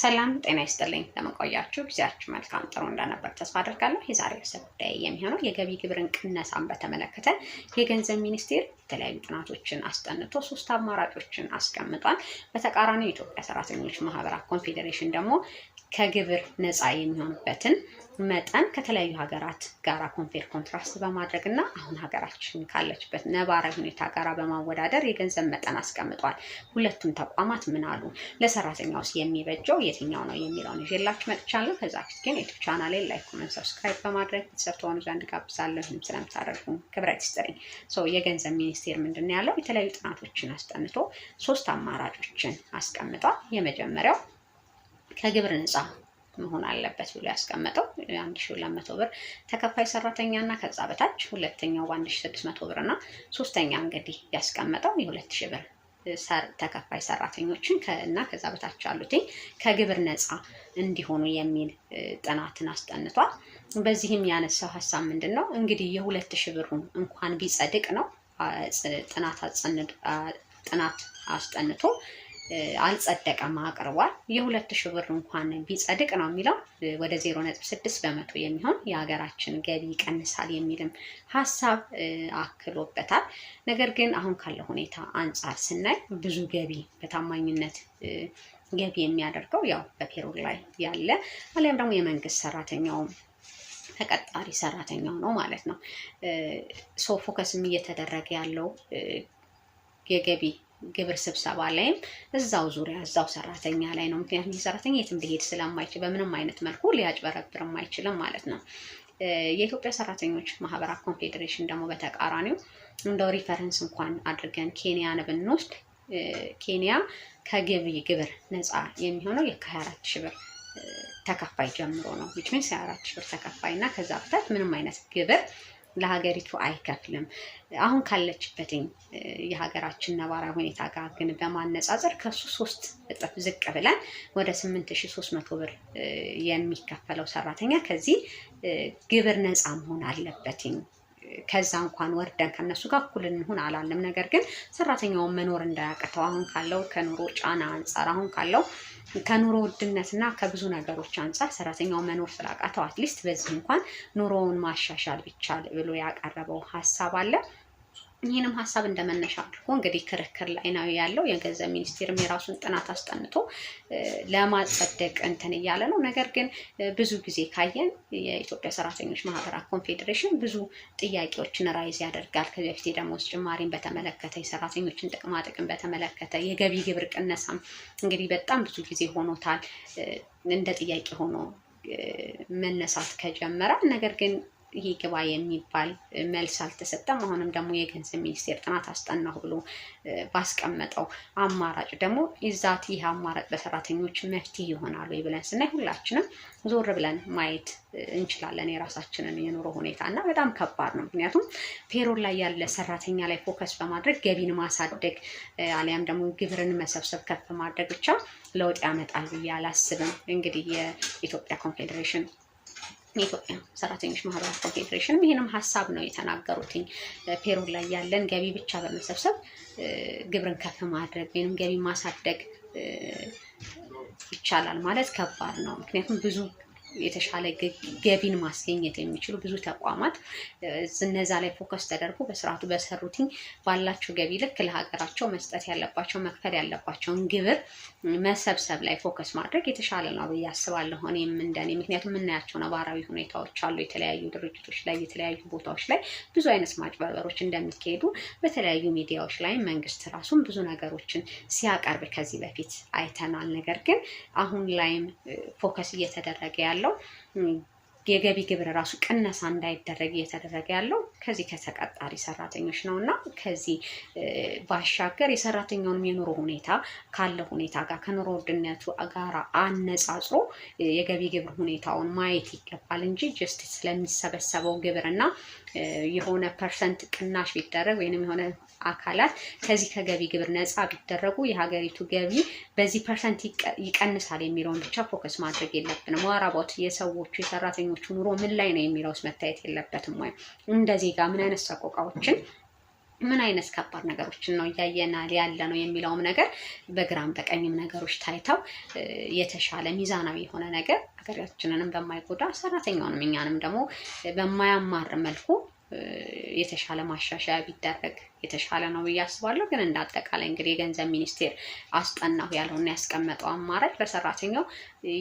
ሰላም ጤና ይስጥልኝ። ለመቆያችሁ ጊዜያችሁ መልካም ጥሩ እንደነበር ተስፋ አድርጋለሁ። የዛሬ ርዕሰ ጉዳይ የሚሆነው የገቢ ግብርን ቅነሳን በተመለከተ የገንዘብ ሚኒስቴር የተለያዩ ጥናቶችን አስጠንቶ ሶስት አማራጮችን አስቀምጧል። በተቃራኒ የኢትዮጵያ ሰራተኞች ማህበራት ኮንፌዴሬሽን ደግሞ ከግብር ነፃ የሚሆንበትን መጠን ከተለያዩ ሀገራት ጋር ኮምፔር ኮንትራስት በማድረግ እና አሁን ሀገራችን ካለችበት ነባራዊ ሁኔታ ጋር በማወዳደር የገንዘብ መጠን አስቀምጧል። ሁለቱም ተቋማት ምን አሉ፣ ለሰራተኛ ውስጥ የሚበጀው የትኛው ነው የሚለውን ይዤላችሁ መጥቻለሁ። ከዛ ፊት ግን ዩቱብ ቻናሌን ላይክ፣ ኮመንት፣ ሰብስክራይብ በማድረግ ቤተሰብ ተሆኑ ዘንድ ጋብዛለሁ። ይህም ስለምታደርጉ ክብረት ይስጥልኝ። የገንዘብ ሚኒስ ሚኒስቴር ምንድን ነው ያለው? የተለያዩ ጥናቶችን አስጠንቶ ሶስት አማራጮችን አስቀምጧል። የመጀመሪያው ከግብር ነፃ መሆን አለበት ብሎ ያስቀመጠው መቶ ብር ተከፋይ ሰራተኛ እና ከዛ በታች፣ ሁለተኛው ስድስት መቶ ብር እና ሶስተኛ እንግዲህ ያስቀመጠው የሁለት ሺ ብር ተከፋይ ሰራተኞችን እና ከዛ በታች አሉት ከግብር ነፃ እንዲሆኑ የሚል ጥናትን አስጠንቷል። በዚህም ያነሳው ሀሳብ ምንድን ነው እንግዲህ የሁለት ሺ ብሩን እንኳን ቢጸድቅ ነው ጥናት አስጠንቶ አልጸደቀም አቅርቧል። የሁለት ሺህ ብር እንኳን ቢጸድቅ ነው የሚለው ወደ ዜሮ ነጥብ ስድስት በመቶ የሚሆን የሀገራችን ገቢ ይቀንሳል የሚልም ሀሳብ አክሎበታል። ነገር ግን አሁን ካለ ሁኔታ አንጻር ስናይ ብዙ ገቢ በታማኝነት ገቢ የሚያደርገው ያው በፔሮል ላይ ያለ አሊያም ደግሞ የመንግስት ሰራተኛውም ተቀጣሪ ሰራተኛው ነው ማለት ነው። ሶ ፎከስም እየተደረገ ያለው የገቢ ግብር ስብሰባ ላይም እዛው ዙሪያ እዛው ሰራተኛ ላይ ነው። ምክንያቱም ይህ ሰራተኛ የትም ሊሄድ ስለማይችል በምንም አይነት መልኩ ሊያጭበረብርም አይችልም ማለት ነው። የኢትዮጵያ ሰራተኞች ማህበራት ኮንፌዴሬሽን ደግሞ በተቃራኒው እንደው ሪፈረንስ እንኳን አድርገን ኬንያን ብንወስድ ኬንያ ከገቢ ግብር ነፃ የሚሆነው የከ24 ሺህ ብር ተከፋይ ጀምሮ ነው ዊች ሚንስ የአራት ሺህ ብር ተከፋይ እና ከዛ በታች ምንም አይነት ግብር ለሀገሪቱ አይከፍልም። አሁን ካለችበትኝ የሀገራችን ነባራዊ ሁኔታ ጋር ግን በማነጻጸር ከሱ ሶስት እጥፍ ዝቅ ብለን ወደ ስምንት ሺ ሶስት መቶ ብር የሚከፈለው ሰራተኛ ከዚህ ግብር ነፃ መሆን አለበትኝ። ከዛ እንኳን ወርደን ከነሱ ጋር እኩል እንሁን አላለም። ነገር ግን ሰራተኛውን መኖር እንዳያቅተው አሁን ካለው ከኑሮ ጫና አንጻር አሁን ካለው ከኑሮ ውድነትና ከብዙ ነገሮች አንጻር ሰራተኛው መኖር ስላቃተው አትሊስት በዚህ እንኳን ኑሮውን ማሻሻል ቢቻል ብሎ ያቀረበው ሀሳብ አለ። ይህንም ሀሳብ እንደመነሻ አድርጎ እንግዲህ ክርክር ላይ ነው ያለው። የገንዘብ ሚኒስቴርም የራሱን ጥናት አስጠንቶ ለማጸደቅ እንትን እያለ ነው። ነገር ግን ብዙ ጊዜ ካየን የኢትዮጵያ ሰራተኞች ማህበራት ኮንፌዴሬሽን ብዙ ጥያቄዎችን ራይዝ ያደርጋል። ከዚህ በፊት የደሞዝ ጭማሪን በተመለከተ፣ የሰራተኞችን ጥቅማጥቅም በተመለከተ፣ የገቢ ግብር ቅነሳም እንግዲህ በጣም ብዙ ጊዜ ሆኖታል እንደ ጥያቄ ሆኖ መነሳት ከጀመረ ነገር ግን ይሄ ግባ የሚባል መልስ አልተሰጠም። አሁንም ደግሞ የገንዘብ ሚኒስቴር ጥናት አስጠናሁ ብሎ ባስቀመጠው አማራጭ ደግሞ ይዛት ይህ አማራጭ በሰራተኞች መፍትሄ ይሆናሉ ብለን ስናይ ሁላችንም ዞር ብለን ማየት እንችላለን የራሳችንን የኑሮ ሁኔታ እና በጣም ከባድ ነው። ምክንያቱም ፔሮል ላይ ያለ ሰራተኛ ላይ ፎከስ በማድረግ ገቢን ማሳደግ አሊያም ደግሞ ግብርን መሰብሰብ ከፍ ማድረግ ብቻ ለውጥ ያመጣል ብዬ አላስብም። እንግዲህ የኢትዮጵያ ኮንፌዴሬሽን የኢትዮጵያ ሰራተኞች ማህበራት ኮንፌዴሬሽንም ይህንም ሀሳብ ነው የተናገሩትኝ። ፔሮል ላይ ያለን ገቢ ብቻ በመሰብሰብ ግብርን ከፍ ማድረግ ወይም ገቢ ማሳደግ ይቻላል ማለት ከባድ ነው። ምክንያቱም ብዙ የተሻለ ገቢን ማስገኘት የሚችሉ ብዙ ተቋማት እነዛ ላይ ፎከስ ተደርጎ በስርዓቱ በሰሩትኝ ባላቸው ገቢ ልክ ለሀገራቸው መስጠት ያለባቸው መክፈል ያለባቸውን ግብር መሰብሰብ ላይ ፎከስ ማድረግ የተሻለ ነው ብዬ አስባለሁ። እኔም እንደኔ ምክንያቱም የምናያቸው ነባራዊ ሁኔታዎች አሉ። የተለያዩ ድርጅቶች ላይ የተለያዩ ቦታዎች ላይ ብዙ አይነት ማጭበርበሮች እንደሚካሄዱ በተለያዩ ሚዲያዎች ላይ መንግስት ራሱን ብዙ ነገሮችን ሲያቀርብ ከዚህ በፊት አይተናል። ነገር ግን አሁን ላይም ፎከስ እየተደረገ ያለ Hello? የገቢ ግብር ራሱ ቅነሳ እንዳይደረግ እየተደረገ ያለው ከዚህ ከተቀጣሪ ሰራተኞች ነው እና ከዚህ ባሻገር የሰራተኛውንም የኑሮ ሁኔታ ካለ ሁኔታ ጋር ከኑሮ ውድነቱ ጋር አነጻጽሮ የገቢ ግብር ሁኔታውን ማየት ይገባል እንጂ ጀስት ስለሚሰበሰበው ግብር እና የሆነ ፐርሰንት ቅናሽ ቢደረግ ወይም የሆነ አካላት ከዚህ ከገቢ ግብር ነጻ ቢደረጉ የሀገሪቱ ገቢ በዚህ ፐርሰንት ይቀንሳል የሚለውን ብቻ ፎከስ ማድረግ የለብንም። ዋራቦት የሰዎቹ የሰራተኛ የስደተኞቹ ኑሮ ምን ላይ ነው የሚለውስ መታየት የለበትም ወይም እንደ ዜጋ ምን አይነት ሰቆቃዎችን ምን አይነት ከባድ ነገሮችን ነው እያየናል ያለ ነው የሚለውም ነገር በግራም በቀኝም ነገሮች ታይተው የተሻለ ሚዛናዊ የሆነ ነገር ሀገራችንንም በማይጎዳ ሰራተኛውንም እኛንም ደግሞ በማያማር መልኩ የተሻለ ማሻሻያ ቢደረግ የተሻለ ነው ብዬ አስባለሁ። ግን እንደ አጠቃላይ እንግዲህ የገንዘብ ሚኒስቴር አስጠናሁ ያለውና ያስቀመጠው አማራጭ ለሰራተኛው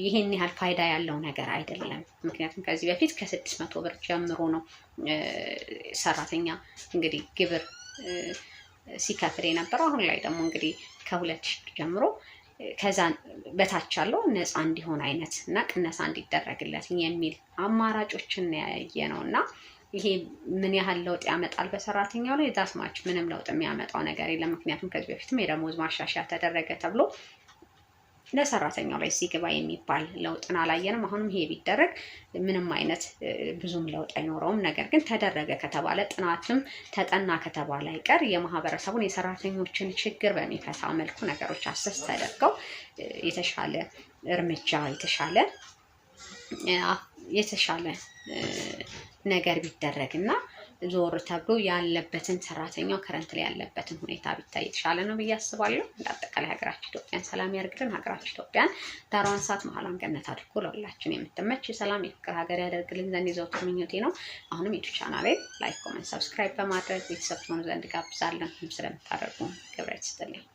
ይህን ያህል ፋይዳ ያለው ነገር አይደለም። ምክንያቱም ከዚህ በፊት ከስድስት መቶ ብር ጀምሮ ነው ሰራተኛ እንግዲህ ግብር ሲከፍል የነበረው። አሁን ላይ ደግሞ እንግዲህ ከሁለት ሺህ ጀምሮ ከዛ በታች ያለው ነፃ እንዲሆን አይነት እና ቅነሳ እንዲደረግለት የሚል አማራጮችን ያየ ነው እና ይሄ ምን ያህል ለውጥ ያመጣል በሰራተኛው ላይ ዛስማች ምንም ለውጥ የሚያመጣው ነገር የለም። ምክንያቱም ከዚህ በፊትም የደሞዝ ማሻሻያ ተደረገ ተብሎ ለሰራተኛው ላይ ሲገባ የሚባል ለውጥን አላየንም። አሁንም ይሄ ቢደረግ ምንም አይነት ብዙም ለውጥ አይኖረውም። ነገር ግን ተደረገ ከተባለ ጥናትም ተጠና ከተባለ አይቀር የማህበረሰቡን የሰራተኞችን ችግር በሚፈታ መልኩ ነገሮች አሰስ ተደርገው የተሻለ እርምጃ የተሻለ የተሻለ ነገር ቢደረግ እና ዞር ተብሎ ያለበትን ሰራተኛው ከረንት ላይ ያለበትን ሁኔታ ቢታይ የተሻለ ነው ብዬ አስባለሁ። እንዳጠቃላይ ሀገራችን ኢትዮጵያን ሰላም ያርግልን። ሀገራችን ኢትዮጵያን ዳሯን ሰዓት መሀሏን ገነት አድርጎ ለሁላችን የምትመች የሰላም የፍቅር ሀገር ያደርግልን ዘንድ የዘወትር ምኞቴ ነው። አሁንም ዩቱብ ቻናሌን ላይክ፣ ኮመንት፣ ሰብስክራይብ በማድረግ ቤተሰብ ትሆኑ ዘንድ ጋብዛለን። ስለምታደርጉ ክብረት ይስጥልኝ።